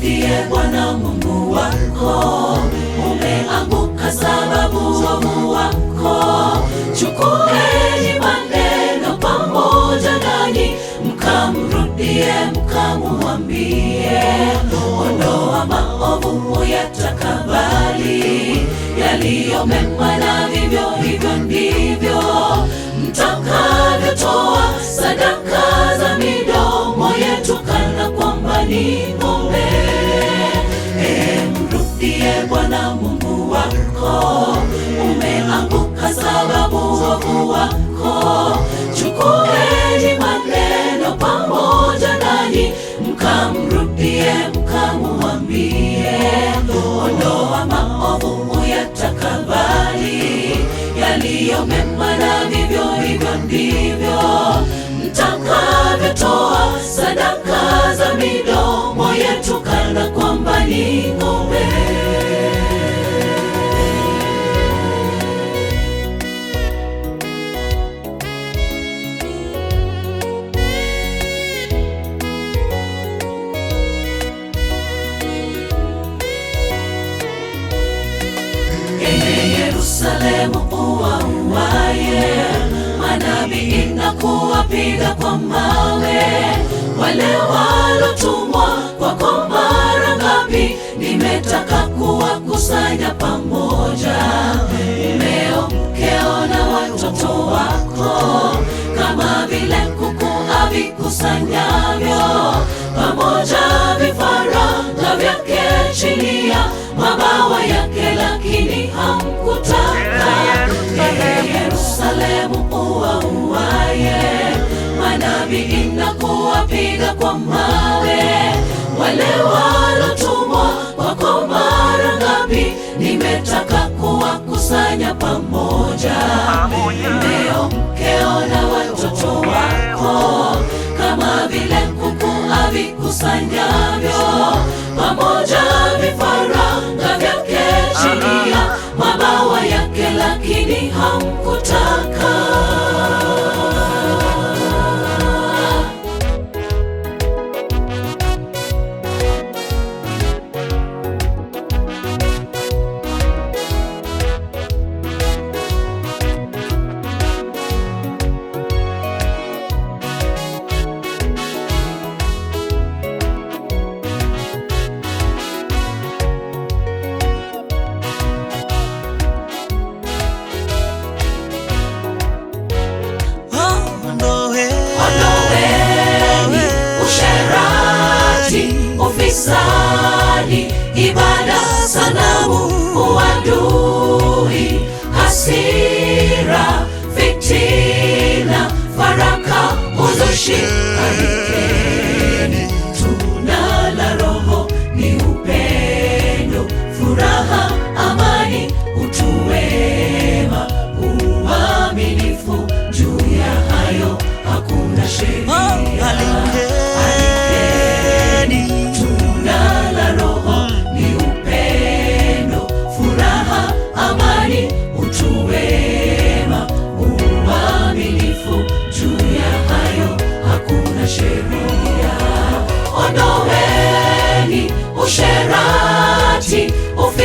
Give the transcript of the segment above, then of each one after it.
ndiye Bwana Mungu wako. Umeanguka sababu uovu wako. Chukueni maneno pamoja nanyi, mkamrudie, mkamwambie, ondoa maovu, uyatakabali yaliyo mema, na vivyo hivyo ndivyo mtakavyotoa sadaka za midomo yetu kana ni ng'ombe. Emrudie Bwana Mungu wako, umeanguka sababu uovu wako. Chukueni maneno pamoja nanyi, mkamrudie, mkamuambie, ondoa maovu uyatakabali, yaliyo mema na vivyo hivyo ndivyo tunatoa sadaka za midomo yetu kana kwamba ni ng'ombe. Ee Yerusalemu, uwauaye manabii kuwapiga kwa mawe wale walotumwa kwako. Mara ngapi nimetaka kuwakusanya pamoja, mumeo, mkeo na watoto wako, kama vile kuku avikusanyavyo pamoja vifaranga vyake chini ya mabawa yake, lakini hamkutaka. Ee Yerusalemu uwaye manabii na kuwapiga kwa mawe wale walotumwa kwako, mara ngapi nimetaka kuwakusanya pamoja, leo mkeo na watoto wako kama vile kuku avikusanya yake, lakini hamkutaka. kuwaduu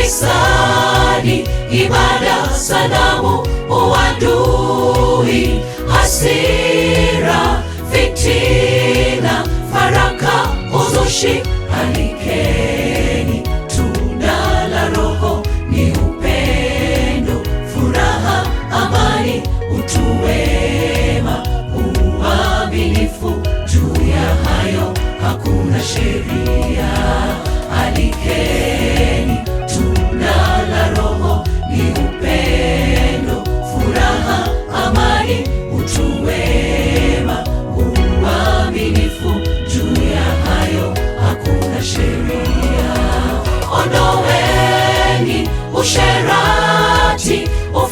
hisani, ibada, sanamu, uadui, hasira, fitina, faraka, uzushi, alike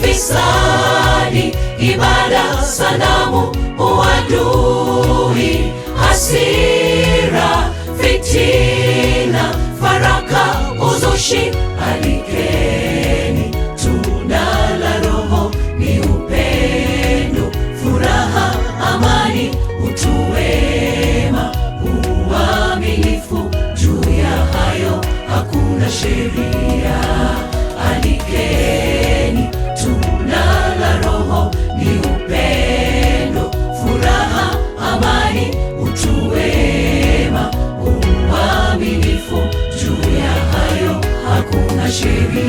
ufisadi, ibada, sanamu, uadui, hasira Cheerio.